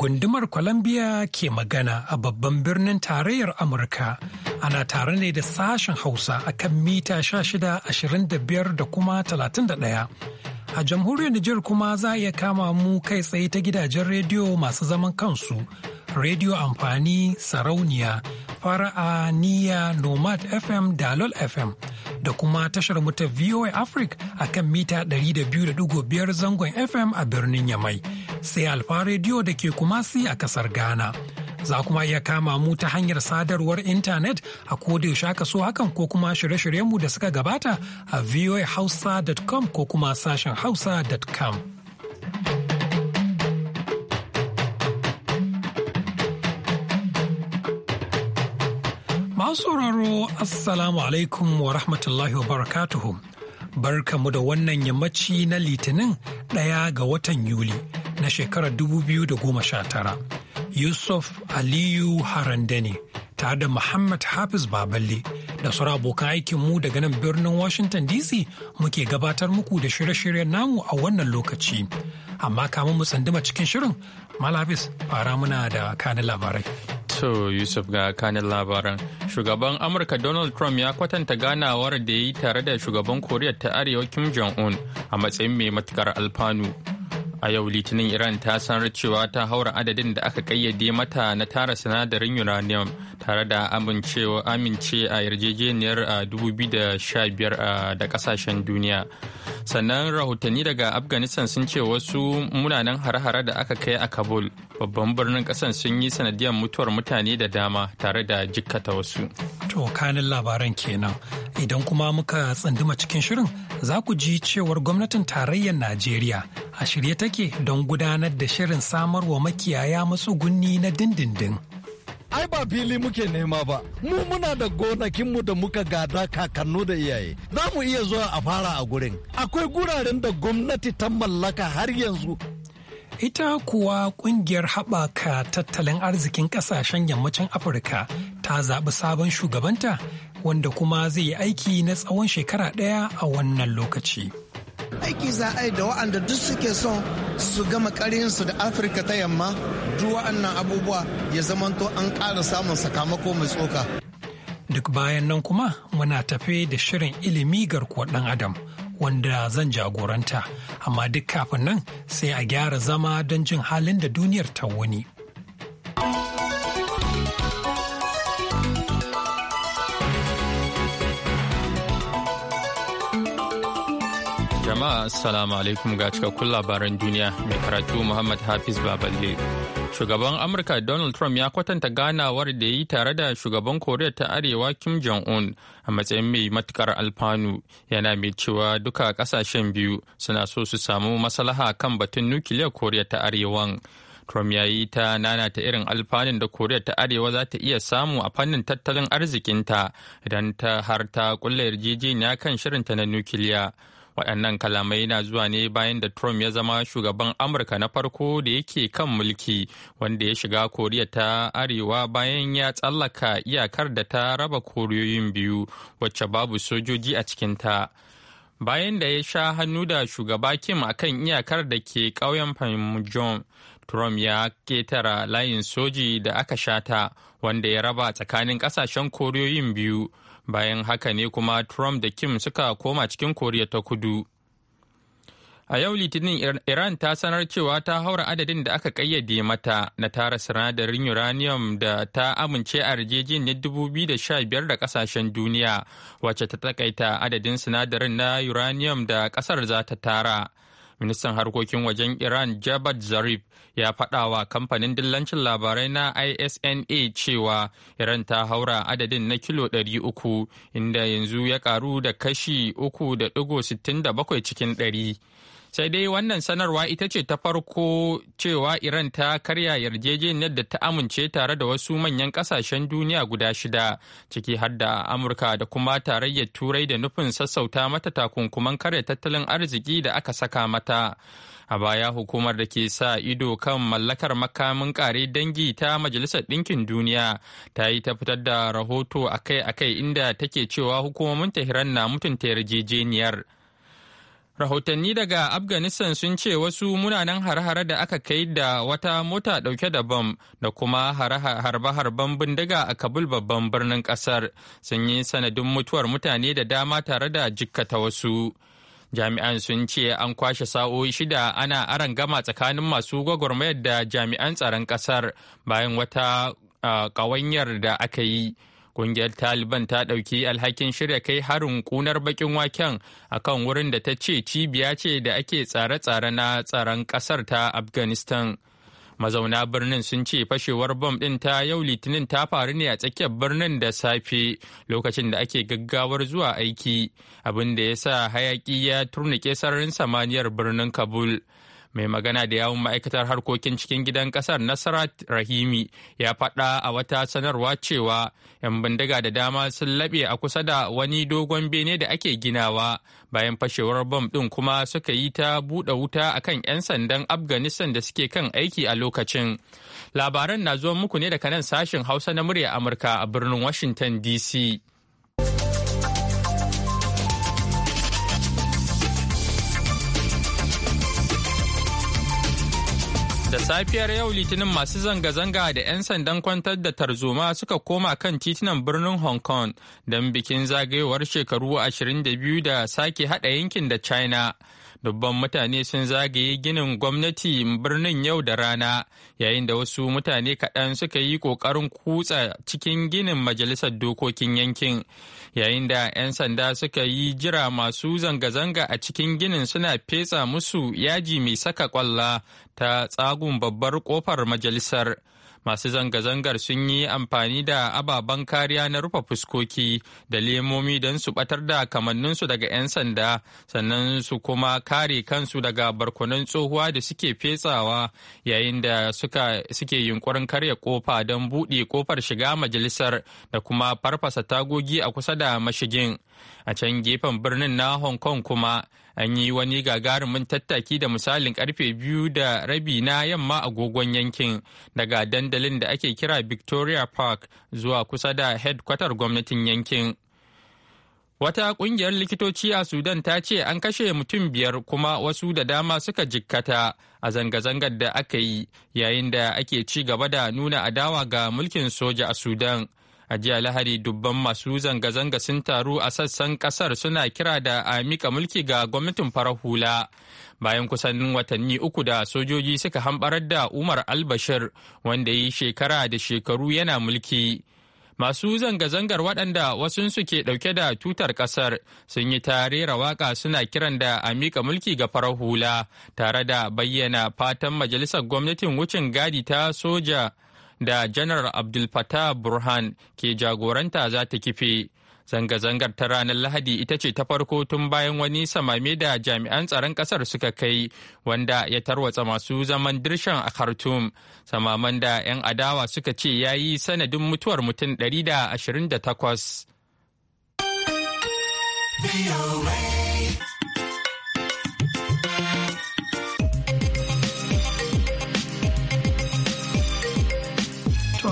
gundumar Columbia ke magana a babban birnin tarayyar Amurka. Ana tare ne da sashen Hausa a kan mita 1625 da kuma ɗaya, A jamhuriyar Nijar kuma za a iya kama mu kai tsaye ta gidajen rediyo masu zaman kansu rediyo amfani sarauniya fara'a niya nomad fm dalol fm da kuma tashar mu ta voa africa a kan mita 200.5 zangon fm a birnin yamai sai alfa rediyo da ke kumasi a kasar ghana za kuma iya kama mu ta hanyar sadarwar intanet a kodayaushe aka so hakan ko kuma shirye mu da suka gabata a voahausa.com ko kuma sashen hausa.com. Masu sauraro Assalamu alaikum wa rahmatullahi wa barakatuhu. Barkamu da wannan yammaci na Litinin ɗaya ga watan Yuli na shekarar 2019. Yusuf Aliyu Harandani tare da Muhammad Hafiz Baballe da sauran abokan aikinmu daga nan birnin Washington DC muke gabatar muku da shirye-shiryen namu a wannan lokaci. Amma kamun mu tsanduma cikin shirin, Malafis fara muna da kanin labarai. To Yusuf ga kanin labaran. Shugaban Amurka Donald Trump ya kwatanta ganawar da ya yi tare da shugaban Koriya ta Arewa Kim Jong-un a matsayin mai matukar alfanu. A yau Litinin Iran ta sanar cewa ta haura adadin da aka kayyade mata na tara sinadarin uranium tare da amincewa amince a yarjejeniyar 2015 da kasashen duniya. Sannan rahotanni daga Afghanistan sun ce wasu munanan hare-hare da aka kai a Kabul babban birnin kasan sun yi sanadiyar mutuwar mutane da dama tare da jikkata wasu. To kanin labaran kenan idan kuma muka tsanduma cikin shirin za ku ji cewar gwamnatin tarayyar Najeriya a shirye take don gudanar da shirin samarwa makiyaya matsugunni na dindindin. Ai ba fili muke nema ba, mu muna da gonakinmu da muka gada kakannu da iyaye, za mu iya zuwa a fara a gurin. Akwai guraren da gwamnati ta mallaka har yanzu. Ita kuwa kungiyar haɓaka tattalin arzikin ƙasashen yammacin Afirka ta zaɓi sabon shugabanta wanda kuma zai yi aiki na tsawon shekara ɗaya a wannan lokaci. aiki za a yi da wa'anda duk suke son su gama karinsu da afirka ta yamma duk wa'annan abubuwa ya zamanto an ƙara samun sakamako mai tsoka duk bayan nan kuma muna tafe da shirin ilimi garkuwar ɗan adam wanda zan jagoranta amma duk kafin nan sai a gyara zama don jin halin da duniyar ta wuni. Jama'a Assalamu alaikum ga cikakkun labaran duniya mai karatu Muhammad Hafiz Baballe. Shugaban Amurka Donald Trump ya kwatanta ganawar da ya yi tare da shugaban Koriya ta Arewa Kim Jong-un a matsayin mai matukar alfanu yana mai cewa duka kasashen biyu suna so su samu maslaha kan batun nukiliyar Koriya ta Arewan. Trump ya yi ta ta irin alfanun da Koriya ta Arewa za ta iya samu a fannin tattalin arzikinta idan ta har ta kulle yarjejeniya kan shirinta na nukiliya. waɗannan kalamai na zuwa ne bayan da trump ya zama shugaban amurka na farko da yake kan mulki wanda ya shiga koriya ta arewa bayan ya tsallaka iyakar da ta raba koriyoyin biyu wacce babu sojoji a cikinta bayan da ya sha hannu da shugaba kim akan iyakar da ke ƙauyen panmunjom Trump ya ketara layin soji da aka shata wanda ya raba tsakanin kasashen koriyoyin biyu bayan haka ne kuma Trump da Kim suka koma cikin koriya ta kudu. A yau Litinin Iran ta sanar cewa ta haura adadin da aka kayyade mata na tara sinadarin uranium da ta amince a yarjejeniyar 2015 da kasashen duniya wacce ta takaita adadin sinadarin na uranium da kasar za ta tara. ministan harkokin wajen iran jabat zarif ya faɗa wa kamfanin dillancin labarai na isna cewa iran ta haura adadin na kilo 300 inda yanzu ya karu da kashi 3.67 cikin 100 sai dai wannan sanarwa ita ce ta farko cewa iran ta karya yarjejeniyar da ta amince tare da wasu manyan kasashen duniya guda shida ciki har da amurka da kuma tarayyar turai da nufin sassauta mata takunkuman karya tattalin arziki da aka saka mata a baya hukumar da ke sa ido kan mallakar makamin kare dangi ta majalisar ɗinkin duniya ta yi ta fitar da rahoto akai-akai inda take cewa hukumomin tehran na mutunta yarjejeniyar Rahotanni daga Afghanistan sun ce wasu munanan har-hare da aka kai da wata mota dauke da bom da kuma harbe-harben bindiga a Kabul babban birnin kasar sun yi sanadin mutuwar mutane da dama tare da jikkata wasu. Jami'an sun ce an kwashe sa'o'i shida ana aran gama tsakanin masu gwagwarmayar da jami'an tsaron kasar bayan wata kawanyar ah, da aka yi. Ƙungiyar Taliban ta ɗauki alhakin shirya kai harin kunar bakin waken a kan wurin da ta ce cibiya ce da ake tsare-tsare na tsaron ƙasar ta Afghanistan. Mazauna birnin sun ce fashewar bom ɗin ta yau litinin ta faru ne a tsakiyar birnin da safe lokacin da ake gaggawar zuwa aiki, abin da ya sa hayaƙi ya turnike sararin samaniyar birnin Kabul. mai magana da yawun ma'aikatar harkokin cikin gidan kasar nasarat rahimi ya faɗa a wata sanarwa cewa 'yan bindiga da dama sun laɓe a kusa da wani dogon bene da ake ginawa bayan fashewar bom ɗin kuma suka yi ta buɗe wuta akan 'yan sandan afghanistan da suke kan aiki a lokacin labaran na zuwa muku ne daga nan sashen hausa na murya amurka a birnin washington dc safiyar yau litinin masu zanga-zanga da 'yan sandan kwantar da tarzoma suka koma kan titunan birnin Hong Kong don bikin zagayowar shekaru 22 da sake hada yankin da China. dubban mutane sun zagaye ginin gwamnati birnin yau da rana yayin da wasu mutane kaɗan suka yi ƙoƙarin kutsa cikin ginin majalisar dokokin yankin yayin da 'yan sanda suka yi jira masu zanga-zanga a cikin ginin suna fetsa musu yaji mai saka ƙwalla ta tsagun babbar ƙofar majalisar. masu zanga-zangar sun yi amfani da ababen kariya na rufe fuskoki da lemomi don su batar da kamanninsu daga 'yan sanda sannan su kuma kare kansu daga barkunan tsohuwa da suke fetsawa yayin da suke yunkurin karya kofa don buɗe kofar shiga majalisar da kuma farfasa tagogi a kusa da mashigin a can gefen birnin na hong kong kuma an yi wani gagarumin tattaki da misalin karfe biyu da rabi na yamma agogon yankin daga dandalin da ake kira victoria park zuwa kusa da headkwatar gwamnatin yankin wata kungiyar likitoci a sudan ta ce an kashe mutum biyar kuma wasu da dama suka jikkata a zanga-zangar da aka yi yayin da ake ci gaba da nuna adawa ga mulkin soja a sudan A jiya Lahadi dubban masu zanga-zanga sun taru a sassan kasar suna kira da a mika mulki ga gwamnatin farar hula. Bayan kusan watanni uku da sojoji suka hambarar da Umar Albashir wanda yi shekara da shekaru yana mulki. Masu zanga-zangar waɗanda wasunsu ke ɗauke da tutar ƙasar sun yi tarera waƙa suna kiran da a miƙa mulki ga farar hula tare da bayyana fatan majalisar gwamnatin wucin gadi ta soja. da janar abdul fatah burhan ke jagoranta za ta kife zanga-zangar ta ranar lahadi ita ce ta farko tun bayan wani samame da jami'an tsaron kasar suka kai wanda ya tarwatsa masu zaman dirshan a khartoum samaman da 'yan adawa suka ce ya yi sanadin mutuwar mutum 128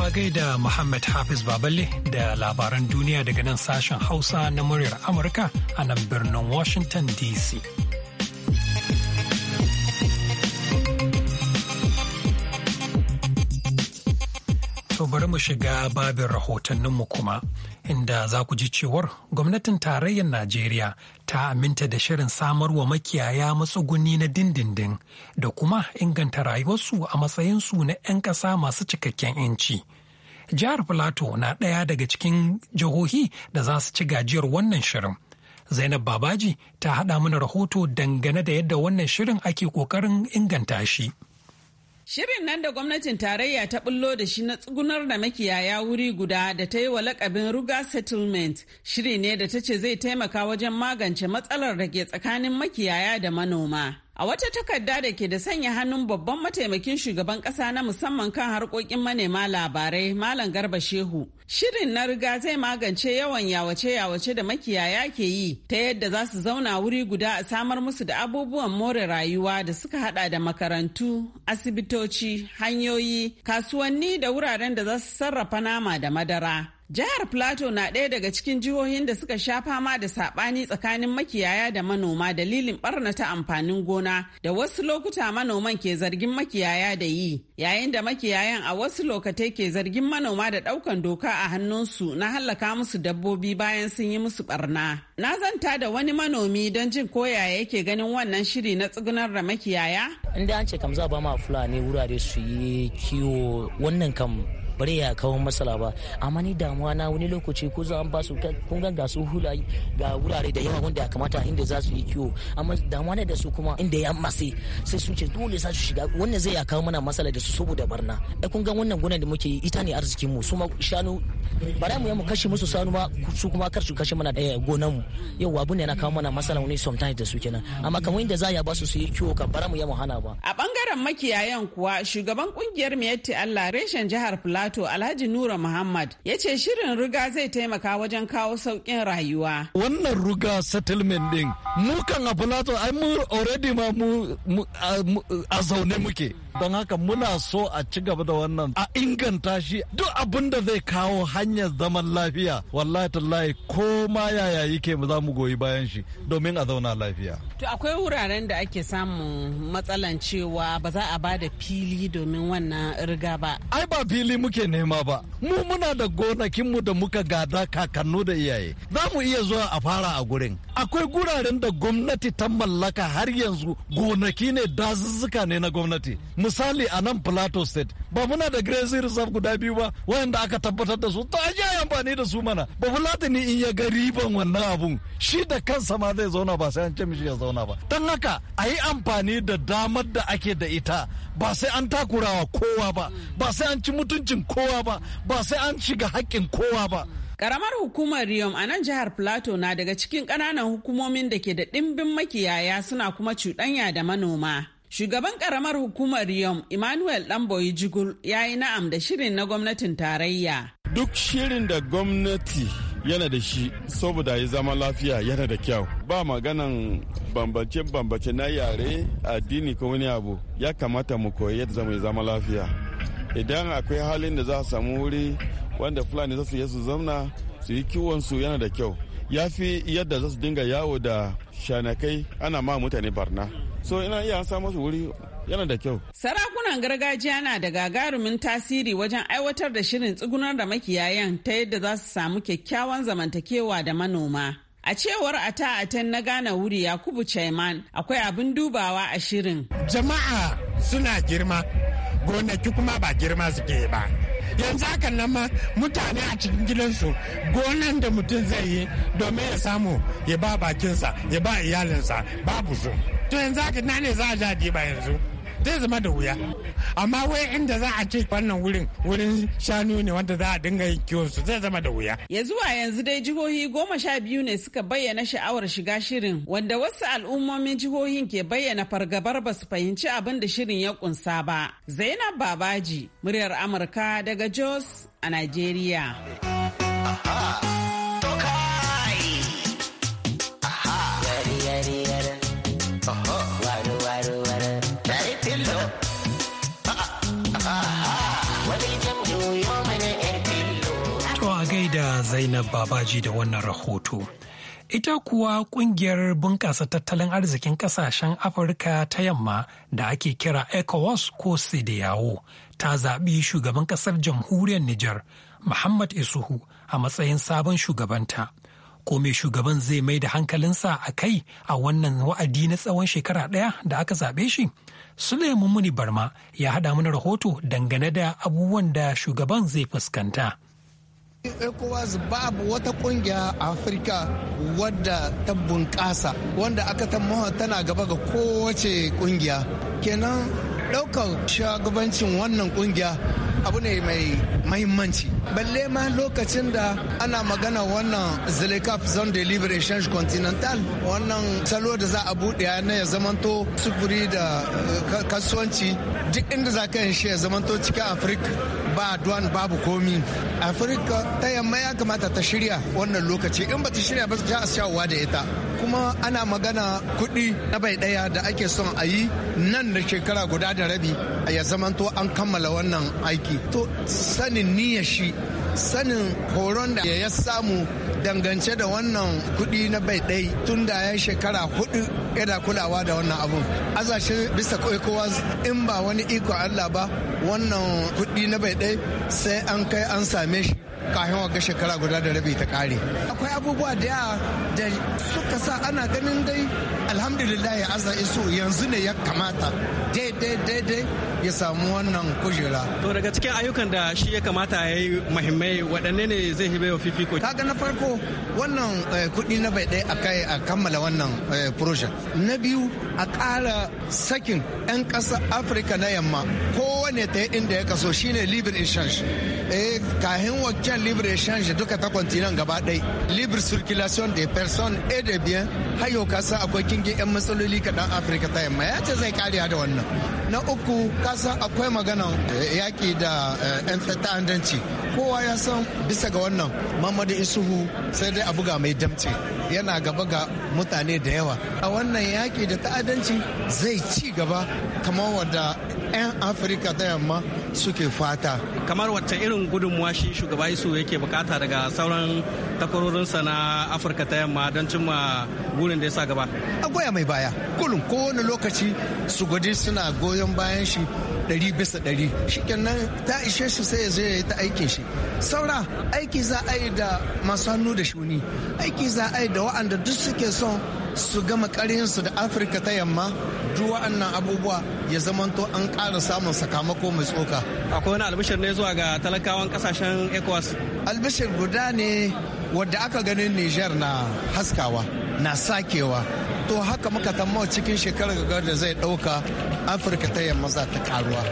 a gaida Muhammad Hafiz Baballe da labaran duniya daga nan sashen Hausa na muryar Amurka a nan birnin Washington DC. To bari mu shiga babin rahotanninmu kuma, inda za ku ji cewar gwamnatin tarayyar Najeriya ta aminta da shirin samar wa makiyaya matsuguni na dindindin da kuma inganta rayuwarsu a matsayinsu na 'yan ƙasa masu cikakken 'yanci. Jihar Filato na ɗaya daga cikin jihohi da za su ci gajiyar wannan shirin. Zainab Babaji ta haɗa mana rahoto dangane da yadda wannan shirin ake ƙoƙarin inganta shi. Shirin nan da gwamnatin tarayya ta bullo da shi na tsugunar da makiyaya wuri guda da ta yi wa lakabin Ruga Settlement shiri ne da ta ce zai taimaka wajen magance matsalar da ke tsakanin makiyaya da manoma. A wata takarda da ke da sanya hannun babban mataimakin shugaban kasa na musamman kan harkokin manema labarai Malam Garba Shehu, shirin na riga zai magance yawan yawace-yawace da makiyaya ke yi ta yadda za su zauna wuri guda a samar musu da abubuwan more rayuwa da suka hada da makarantu, asibitoci, hanyoyi, kasuwanni da wuraren da za su sarrafa nama da madara. Jihar Plateau na ɗaya daga cikin jihohin da suka sha fama da saɓani tsakanin makiyaya da manoma dalilin ɓarnata amfanin gona da wasu lokuta manoman ke zargin makiyaya da yi, yayin da makiyayan a wasu lokatai ke zargin manoma da ɗaukan doka a hannunsu na hallaka musu dabbobi bayan sun yi musu ɓarna. Na zanta da wani manomi don jin koyaya yake ganin wannan shiri na tsugunar da makiyaya. Inda an ce kam za ba ma Fulani wurare su yi kiwo wannan kam bare ya kawo masala ba amma ni damuwa na wani lokaci ko za an ba su kun ga su hula ga wurare da yawa wanda ya kamata inda za su yi kiwo amma damuwa ne da su kuma inda ya matse sai sun ce dole za su shiga wannan zai ya kawo mana masala da su saboda barna ai kun ga wannan gonar da muke yi ita ne arzikin mu su ma shanu bara mu mu kashe musu sanu ma su kuma kar su kashe mana eh, gonan mu yau abu ne na kawo mana masala wani sometimes da su kenan amma kamar inda za ya ba su su yi kiwo kan bara mu ya mu hana ba a bangaren makiyayan kuwa shugaban kungiyar Miyatti Allah reshen jihar Plateau wato Alhaji Nura Muhammad ya ce shirin ruga zai taimaka wajen kawo sauƙin rayuwa. Wannan ruga settlement din mu kan a Plato ai mu already ma mu a zaune muke. Don haka muna so a ci gaba da wannan a inganta shi duk abin da zai kawo hanyar zaman lafiya wallahi tallahi ko ma yaya yake za mu goyi bayan shi domin a zauna lafiya. To akwai wuraren da ake samun matsalan cewa ba za a ba da fili domin wannan riga ba. Ai ba fili muke muke nema ba mu muna da gonakinmu da muka gada kakannu da iyaye za mu iya zuwa a fara a gurin akwai guraren da gwamnati ta mallaka har yanzu gonaki ne dazuzzuka ne na gwamnati misali a nan plateau state ba muna da grazing reserve guda biyu ba wanda aka tabbatar da su to an yi amfani da su mana ba in ya ga riban wannan abun shi da kansa ma zai zauna ba sai an ce mishi ya zauna ba don haka a yi amfani da damar da ake da ita ba sai an takurawa kowa ba ba sai an ci mutuncin kowa ba ba sai an shiga haƙƙin kowa ba Karamar hukumar Riyom a nan jihar Plateau na daga cikin ƙananan hukumomin da ke da ɗimbin makiyaya suna kuma cuɗanya da manoma. Shugaban karamar hukumar Yom Emmanuel Ɗanboyi Jigul ya yi na'am da shirin na gwamnatin tarayya. Duk shirin da gwamnati yana da shi saboda ya zama lafiya yana da kyau. Ba maganan bambance-bambance na yare addini ko wani abu ya kamata mu koyi yadda zama ya zama lafiya. Idan akwai halin da za a samu wuri wanda Fulani za su yi su zamna su yi kiwon yana da kyau. Ya fi yadda za su dinga yawo da shanakai ana ma mutane barna. so ina iya sa masu wuri yana da kyau. Sarakunan gargajiya na da gagarumin tasiri wajen aiwatar da shirin tsugunar da makiyayan ta yadda za su samu kyakkyawan zamantakewa da manoma. A cewar ata aten na gane wuri Yakubu Chaiman akwai abin dubawa a shirin. Jama'a suna girma, gonaki kuma ba girma suke ba. yanzu haka nan ma mutane a cikin gidansu gonan da mutum zai yi domin ya samu ya ba bakinsa ya ba iyalinsa babu su to yanzu haka na ne za a ja ba yanzu zai zama da wuya amma wai inda za a ce wannan wurin wurin shanu ne wanda za a dinga yin kiwon su zai zama da wuya ya zuwa yanzu dai jihohi goma sha biyu ne suka bayyana sha'awar shiga shirin wanda wasu al'ummomin jihohin ke bayyana fargabar ba su fahimci abin da shirin ya kunsa ba zainab babaji muryar amurka daga jos a nigeria Zainab Babaji da wannan rahoto. Ita kuwa kungiyar bunƙasa tattalin arzikin ƙasashen Afirka ta yamma da ake kira ECOWAS ko Sidiyawo ta zaɓi shugaban ƙasar jamhuriyar Nijar, Muhammad Isuhu a matsayin sabon shugabanta. Ko me shugaban zai mai da hankalinsa a kai a wannan wa'adi na tsawon shekara ɗaya da aka zaɓe shi? Suleiman Muni Barma ya haɗa mana rahoto dangane da abubuwan da shugaban zai fuskanta. ECOWAS babu wata kungiya a Afirka wadda ta bunƙasa wanda aka tammawa tana gaba ga kowace kungiya. Kenan ɗaukar shagabancin wannan kungiya abu ne mai mahimmanci. Balle ma lokacin da ana magana wannan Zelekaf Zone de Libre Continental wannan salo da za a buɗe na ya zamanto sufuri da eh, kasuwanci duk inda za ka yin shi ya zamanto cikin Afirka. ba duwan babu komi afirka ta yamma ya kamata ta shirya wannan lokaci in ba ta shirya ba za a shawowa da ita kuma ana magana kuɗi na bai ɗaya da ake son a yi nan da shekara guda da rabi ya zaman to an kammala wannan aiki to sanin niyyar shi sanin horon da ya samu dangance da wannan kuɗi na bai ɗai tun da ya shekara hudu yana kulawa da wannan abun azashi bisa kowa in ba wani iko allah ba wannan kuɗi na bai ɗai sai an kai an same shi kafin waga shekara guda da rabi ta kare. Akwai abubuwa da ya da suka sa ana ganin dai alhamdulillah ya iso yanzu ne ya kamata daidai daidai ya samu wannan kujera. To daga cikin ayyukan da shi ya kamata ya yi muhimmai waɗanne ne zai hibe wa fifiko? Kaga na farko Bill. wannan eh, kudi na bai ɗaya a a kammala wannan eh, project na biyu a ƙara sakin 'yan ƙasa afirka na yamma kowane ta inda ya kaso shine libre exchange eh kahin wakilan libre exchange duka ta kwantinan gaba ɗai libre circulation de person e de bien hayo kasa akwai kingin 'yan matsaloli kaɗan afirka ta yamma ya ce zai kariya da wannan na uku kasa akwai magana eh, yaƙi da 'yan ta'addanci kowa ya san bisa ga wannan mamadu isuhu sai dai a buga mai damce yana gaba ga mutane da yawa a wannan yaƙi da ta'addanci zai ci gaba kamar wadda 'yan afirka ta yamma suke fata kamar wacce irin gudunmuwa shi shugaba isu yake bukata daga sauran takwarorinsa na afirka ta yamma don cimma gurin da ya sa gaba a goya mai baya kullum kowane lokaci su gudi suna goyon bayan shi ɗari bisa ɗari shikenan ta ishe shi sai ya zo ya yi ta aikin shi saura aiki za a yi da masu hannu da shuni aiki za a yi da wa'anda duk suke son su gama ƙarinsu da afirka ta yamma duk wa'annan abubuwa ya zamanto an ƙara samun sakamako mai tsoka akwai wani albishir ne zuwa ga talakawan kasashen ecowas albishir guda ne wadda aka ganin niger na haskawa na sakewa to haka muka tamma cikin shekarar gagar da zai ɗauka afirka ta yamma za ta karuwa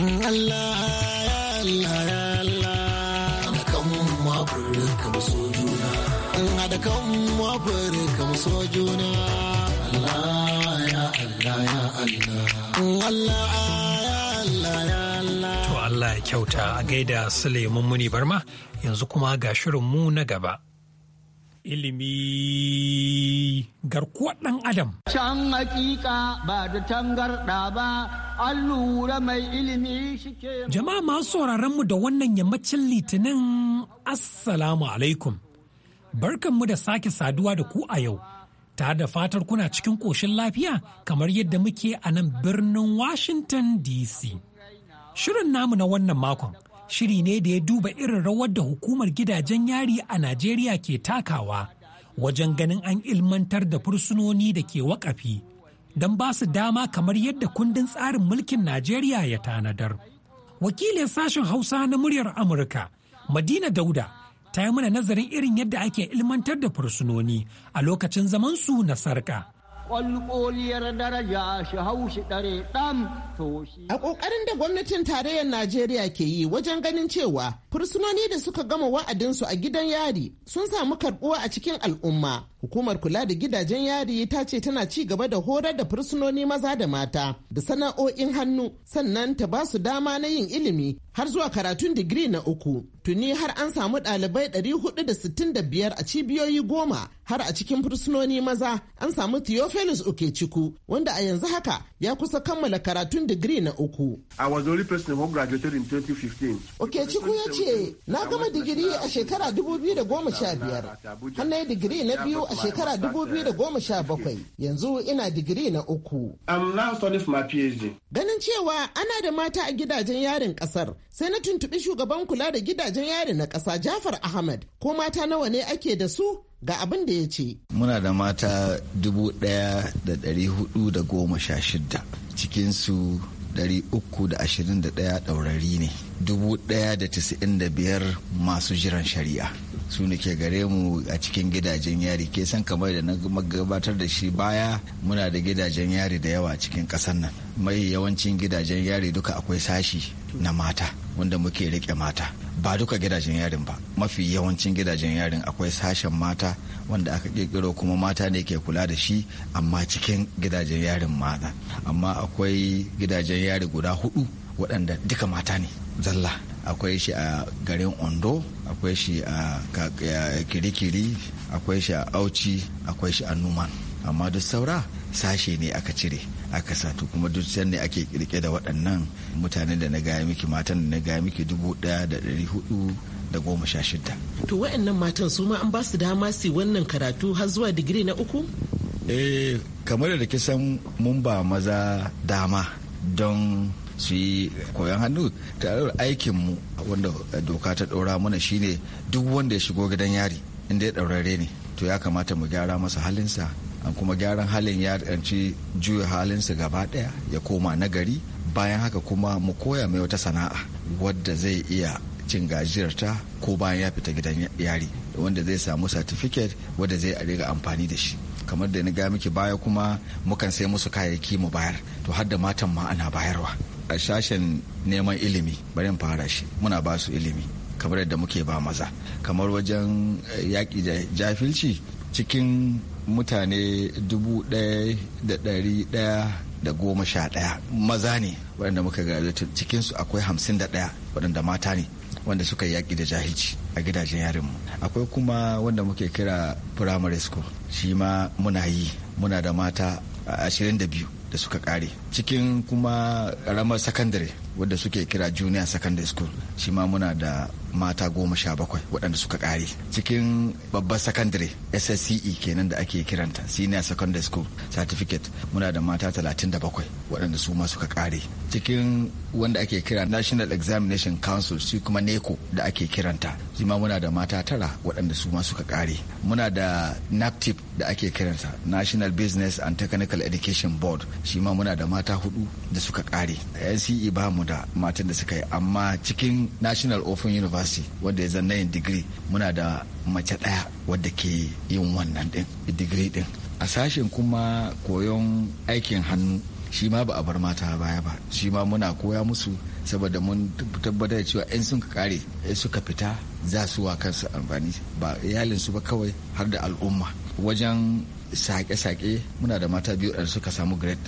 mm, mm, to Allah ya kyauta a gaida Suleiman Muni Barma yanzu kuma ga shirin mu na gaba ilimi garkuwar ɗan adam. Can hakika ba da tangarɗa ba, an lura mai ilimi shi ke. Jama'a masu sauraron mu da wannan yammacin litinin Assalamu alaikum. Barkanmu da sake saduwa da ku a yau, ta da fatar kuna cikin ƙoshin lafiya kamar yadda muke a nan birnin Washington DC. Shirin namu na wannan makon shiri ne da ya duba irin rawar da hukumar gidajen yari a Najeriya ke takawa wajen ganin an ilmantar da fursunoni da ke wakafi don ba su dama kamar yadda kundin tsarin mulkin Najeriya ya tanadar. Wakilin sashen Hausa na muryar Amurka, Madina Dauda, ta yi mana nazarin irin yadda ake ilmantar da fursunoni a lokacin zamansu na sarka. kwalkoliyar daraja shi haushi ɗare dam to shi. A ƙoƙarin da gwamnatin tarayyar Najeriya ke yi wajen ganin cewa fursunoni da suka gama wa'adinsu a gidan yari sun samu karɓuwa a cikin al'umma. Hukumar kula da gidajen yari ta ce tana ci gaba da horar da fursunoni maza da mata da sana'o'in hannu sannan ta ba su dama na yin ilimi har zuwa karatun digiri na uku. Tuni har an samu ɗalibai 465 a cibiyoyi goma har a cikin fursunoni maza an samu Theophilus ciku wanda a yanzu haka ya kusa kammala karatun digiri na uku. I was the only person in 2015. ciku ya ce na gama digiri a shekara 2015 har na digiri na biyu a shekara 2017 yanzu ina digiri na uku. Ganin cewa ana da mata a gidajen yarin kasar sai na tuntuɓi shugaban kula da gidajen yari na ƙasa Jafar Ahmad ko mata nawa ne ake da su ga abin da ya ce. Muna da mata 1,416 cikinsu 321 ɗaurari ne biyar masu jiran shari'a su ne ke gare mu a cikin gidajen yari ke san kamar da na gabatar da shi baya muna da gidajen yari da yawa a cikin ƙasar nan mai yawancin gidajen yari duka akwai sashi na mata wanda muke rike mata ba duka gidajen yarin ba mafi yawancin gidajen yarin akwai sashen mata wanda aka kirkiro kuma mata ne ke kula da shi amma cikin gidajen yarin mata amma akwai gidajen yari guda hudu waɗanda duka mata ne zalla akwai shi a garin ondo akwai shi a kirikiri akwai shi a auci akwai shi a numan amma duk saura sashe ne aka cire aka sato kuma duk can ne ake kirke da waɗannan mutanen da na gaya miki matan da na gaya miki dubu ɗaya da ɗari hudu da goma sha shida. To waɗannan matan su ma an ba su dama su wannan karatu har zuwa digiri na uku? Eh kamar da kisan mun ba maza dama don su yi koyon hannu tare da aikin mu wanda doka ta ɗora mana shine duk wanda ya shigo gidan yari inda ya ɗaurare ne to ya kamata mu gyara masa halinsa an kuma gyaran halin ya ɗanci juya halinsa gaba ɗaya ya koma nagari bayan haka kuma mu koya mai wata sana'a wadda zai iya cin gajiyarta ko bayan ya fita gidan yari wanda zai samu satifiket wadda zai riga amfani da shi kamar da ni ga miki baya kuma mukan sai musu kayayyaki mu bayar to har da matan ma ana bayarwa a sashen neman ilimi bari in fara shi muna ba su ilimi kamar yadda muke ba maza kamar wajen eh, yaƙi da jafilci cikin mutane dubu ɗaya da ɗari ɗaya da goma sha ɗaya maza ne waɗanda muka graduate cikinsu akwai hamsin da ɗaya waɗanda mata ne wanda suka yaƙi da jahilci a gidajen yarinmu akwai kuma wanda muke kira primary school shi ma muna yi muna da mata ashirin da biyu da suka kare cikin kuma karamar sakandare wadda suke kira junior secondary school shi ma muna da mata goma sha bakwai waɗanda suka kare cikin babbar secondary ssce kenan da ake kiranta senior secondary school certificate muna da mata talatin da bakwai waɗanda su ma suka kare cikin wanda ake kira national examination council shi kuma neco da ake kiranta shi ma muna da mata tara waɗanda su ma suka kare muna da naptip da ake kiransa national business and technical education board shi ma muna da mata hudu da suka kare nce ba mu da matan da suka yi amma cikin national open university wanda ya zanna yin digiri muna da mace ɗaya wadda ke yin wannan ɗin digiri ɗin a sashen kuma koyon aikin hannu shi ma ba a bar mata baya ba shi ma muna koya musu saboda mun tabbatar da cewa 'yan sun kare suka fita za su wa kansu amfani ba iyalinsu ba kawai har da al'umma wajen sake-sake muna da mata biyu da suka samu great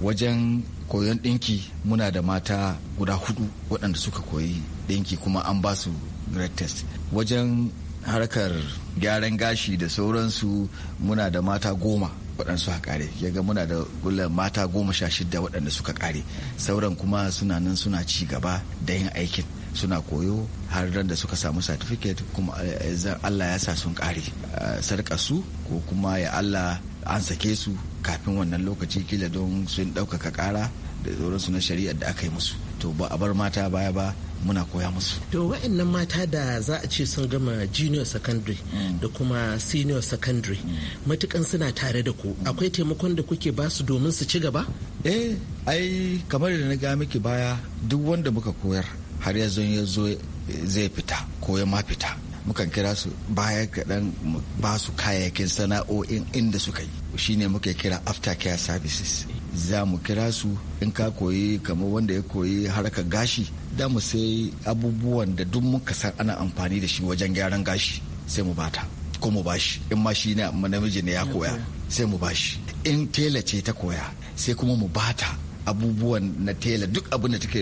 wajen koyon ɗinki muna da mata guda hudu waɗanda suka koyi ɗinki kuma an ba su great test wajen harkar gyaran gashi da sauransu muna da mata goma waɗansu a ƙare ya ga muna da gullar mata goma sha shida waɗanda suka ƙare sauran kuma suna nan suna ci gaba da yin aikin suna koyo har ran da suka samu satifiket kuma eh, zan allah ya sa sun kare. Eh, sarƙa su ko kuma ya allah an sake su kafin wannan lokaci kila don sun ɗaukaka ƙara da sauransu na shari'ar da aka yi musu to ba a bar mata baya ba muna koya musu to wa'annan mata da za a ce sun gama junior secondary mm. da kuma senior secondary mm. matukan suna tare da ku mm. akwai taimakon da kuke ba su domin su ci gaba eh ai kamar da na ga miki baya duk wanda muka koyar har ya zo zai fita ko ya ma fita mukan kira su baya kaɗan ba su kayayyakin sana'o'in inda suka yi Shi ne muke kira after care services za mu kira su in ka koyi kamar wanda ya koyi harkar gashi da mu sai abubuwan da duk muka san ana amfani da shi wajen gyaran gashi sai mu bata ko mu bashi in ma shi ne namiji ne ya koya sai mu bashi in tela ce ta koya sai kuma mu bata abubuwan na tela duk abin da take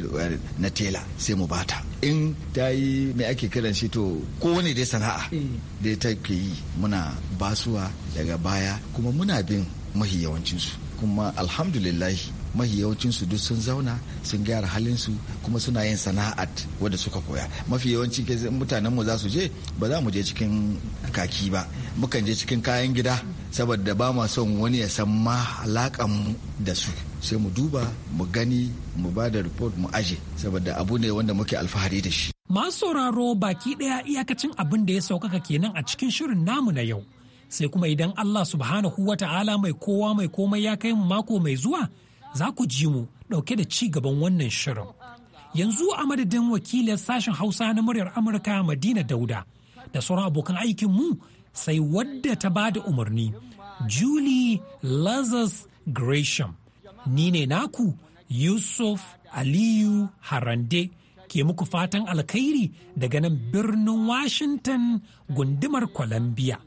na tela sai mu bata in ta yi mai ake kiran shi to kowane dai sana'a mm. da ta yi muna basuwa daga baya kuma muna bin mahi yawancinsu kuma alhamdulillahi yawancinsu duk sun zauna sun gyara halin su kuma suna yin sana'at wadda suka koya mafi yawanci mutanen mu za su je ba za mu je cikin kaki ba mukan je cikin kayan gida saboda ba ma son wani ya san ma alakan mu da su sai mu duba mu gani mu ba da report mu aje saboda abu ne wanda muke alfahari da shi masu sauraro baki daya iyakacin abin da ya saukaka kenan a cikin shirin namu na yau sai kuma idan Allah subhanahu wa ta'ala mai kowa mai komai ya kai mu mako mai zuwa za ku ji mu ɗauke da ci gaban wannan shirin. Yanzu a madadin wakilin sashen Hausa na muryar Amurka Madina Dauda da sauran abokan aikin mu sai wadda ta ba da umarni Julie Lazarus Gresham. Ni ne naku Yusuf Aliyu Harande ke muku fatan alkhairi daga nan birnin Washington gundumar Columbia.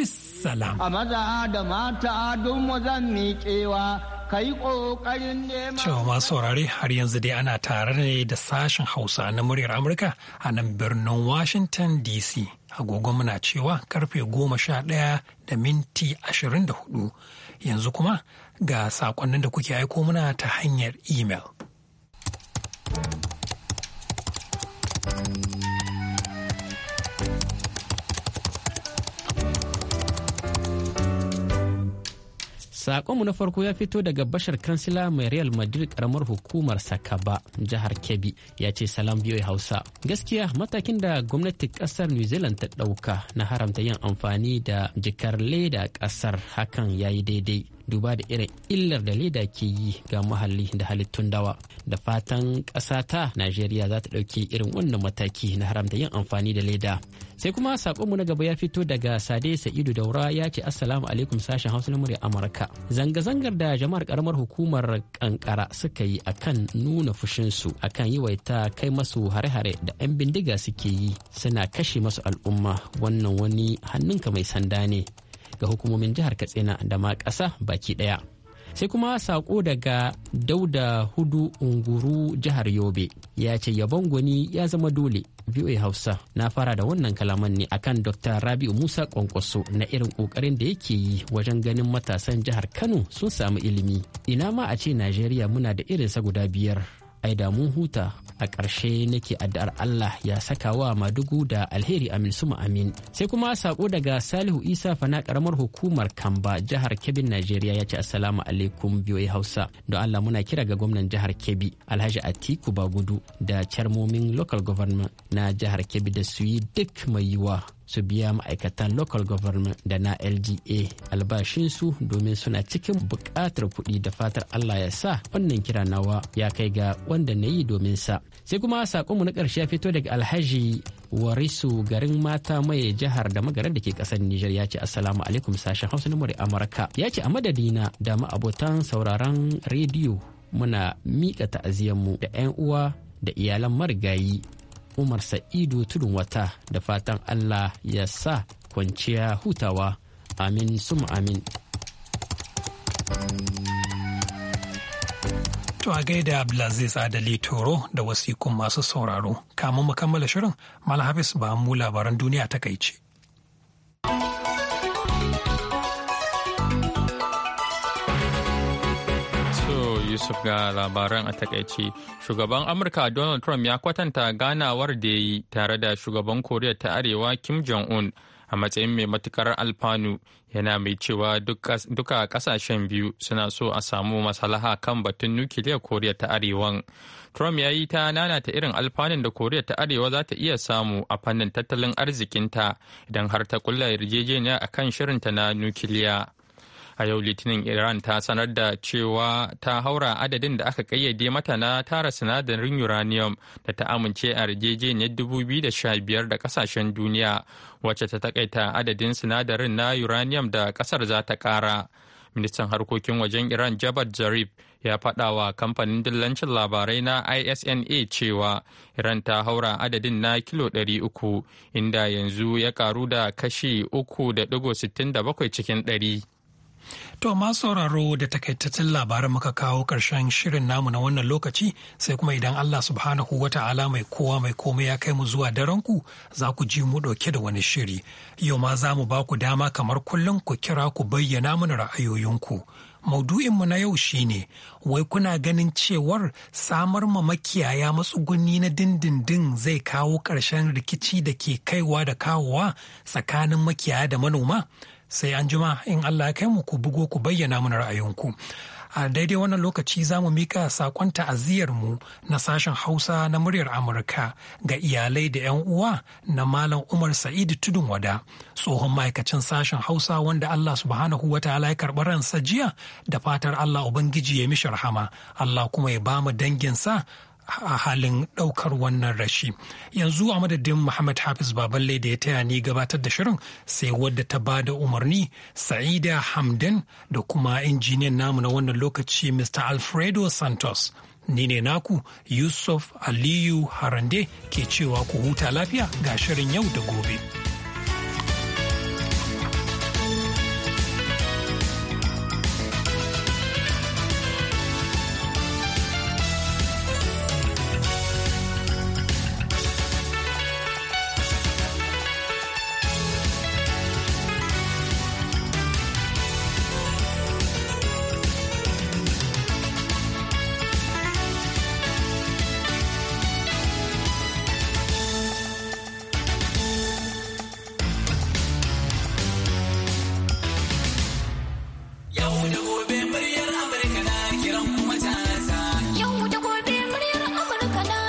bisalam. A maza da mata don zan miƙewa ka yi ƙoƙarin nema. Cewa masu saurare har yanzu dai ana tare ne da sashen Hausa na muryar Amurka a nan birnin Washington DC. Agogon muna cewa karfe goma sha ɗaya da minti ashirin da hudu. Yanzu kuma ga saƙonnin da kuke aiko muna ta hanyar imel. Sakonmu na farko ya fito daga Bashar Kansila mai Real Madrid karamar hukumar Sakaba jihar Kebbi ya ce salam biyoyi Hausa. Gaskiya matakin da gwamnati kasar New Zealand ta ɗauka na haramta yin amfani da jikar leda kasar hakan ya yi daidai. duba da irin illar da leda ke yi ga muhalli da halittun dawa da fatan ƙasa ta najeriya za ta ɗauki irin wannan mataki na haramta yin amfani da leda sai kuma mu na gaba ya fito daga sade sa'idu daura ya ce assalamu alaikum sashen hausa na amurka zanga-zangar da jama'ar karamar hukumar kankara suka yi akan nuna fushin fushinsu akan yi waita kai masu hare-hare da 'yan bindiga suke yi suna kashe masu al'umma wannan wani hannunka mai sanda ne ga hukumomin jihar katsina da ma ƙasa baki ɗaya sai kuma saƙo daga dauda hudu unguru jihar yobe ya ce yabon gwani ya zama dole voa hausa na fara da wannan kalaman ne akan dr rabiu musa kwankwaso na irin ƙoƙarin da yake yi wajen ganin matasan jihar kano sun samu ilimi ina ma a ce najeriya muna da irinsa guda biyar ai da mun huta a ƙarshe nake addu'ar Allah ya saka wa Madugu da alheri amin suma amin sai kuma sako daga Salihu Isa fana karamar hukumar Kamba jihar Kebbi Najeriya ya ce assalamu alaikum biyoyi Hausa don Allah muna kira ga gwamnan jihar Kebbi Alhaji Atiku Bagudu da charmomin local government na jihar Kebbi da su yi duk mai yiwuwa. su biya ma'aikatan local government da na lga albashinsu domin suna cikin buƙatar kuɗi da fatar allah ya sa wannan kira nawa ya kai ga wanda na yi domin sa sai kuma saƙonmu na ƙarshe ya fito daga alhaji warisu garin mata mai jihar da magarar da ke kasar Nijar ya ce assalamu alaikum sashen hausa na muri amurka ya ce a madadina da ma'abotan sauraron rediyo muna miƙa ta'aziyarmu da 'yan uwa da iyalan marigayi umar sa'idu tudun wata da fatan allah ya sa kwanciya hutawa amin sum amin To a gaida Abdulaziz Adali Toro da wasikun masu sauraro, kamun mu kammala shirin, Malam Hafiz ba mu labaran duniya ta ce. Yusuf ga labaran a takaice. Shugaban Amurka Donald Trump ya kwatanta ganawar da ya yi tare da shugaban Koriya ta Arewa Kim Jong-un a matsayin mai matukar alfanu yana mai cewa duka kasashen biyu suna so a samu masalaha kan batun nukiliyar Koriya ta Arewan. Trump ya yi ta nanata irin alfanun da Koriya ta Arewa za ta iya samu a fannin tattalin arzikinta idan har ta kulla yarjejeniya akan shirinta na nukiliya. a yau litinin iran ta sanar da cewa ta haura adadin da aka kayyade mata na tara sinadarin uranium da ta amince a yarjejeniyar 2015 da kasashen duniya wacce ta takaita adadin sinadarin na uranium da kasar za ta kara ministan harkokin wajen iran jabat zarif ya faɗa wa kamfanin dillancin labarai na isna cewa iran ta haura adadin na kilo 300 inda yanzu ya karu da kashi 3.67 cikin 100 To ma sauraro da takaitattun labaran muka kawo ƙarshen shirin namu na wannan lokaci sai kuma idan Allah subhanahu wa ta'ala mai kowa mai komai ya kai mu zuwa daren ku za ku ji mu ɗauke da wani shiri. Yau ma za mu ba ku dama kamar kullum ku kira ku bayyana mana ra'ayoyinku. Maudu'inmu na yau shine wai kuna ganin cewar samar ma makiyaya matsuguni na dindindin zai kawo ƙarshen rikici da ke kaiwa da kawowa tsakanin makiyaya da manoma? sai an jima in Allah ya kai mu ku bugo ku bayyana mana ra'ayinku. A daidai wannan lokaci za mu mika saƙon mu na sashen Hausa na muryar Amurka ga iyalai da 'yan uwa na Malam Umar Sa'idu Tudun Wada, tsohon ma'aikacin sashen Hausa wanda Allah subhanahu wa ta'ala ya karɓi ransa jiya da fatar Allah Ubangiji ya mishi rahama, Allah kuma ya ba mu danginsa a halin ɗaukar wannan rashi yanzu a madadin muhammad hafiz baballe da ya taya ni gabatar da shirin sai wadda ta ba da umarni sa'ida hamdan da kuma injiniyan namu na wannan lokaci mr alfredo santos ni ne naku yusuf aliyu harande ke cewa ku huta lafiya ga shirin yau da gobe.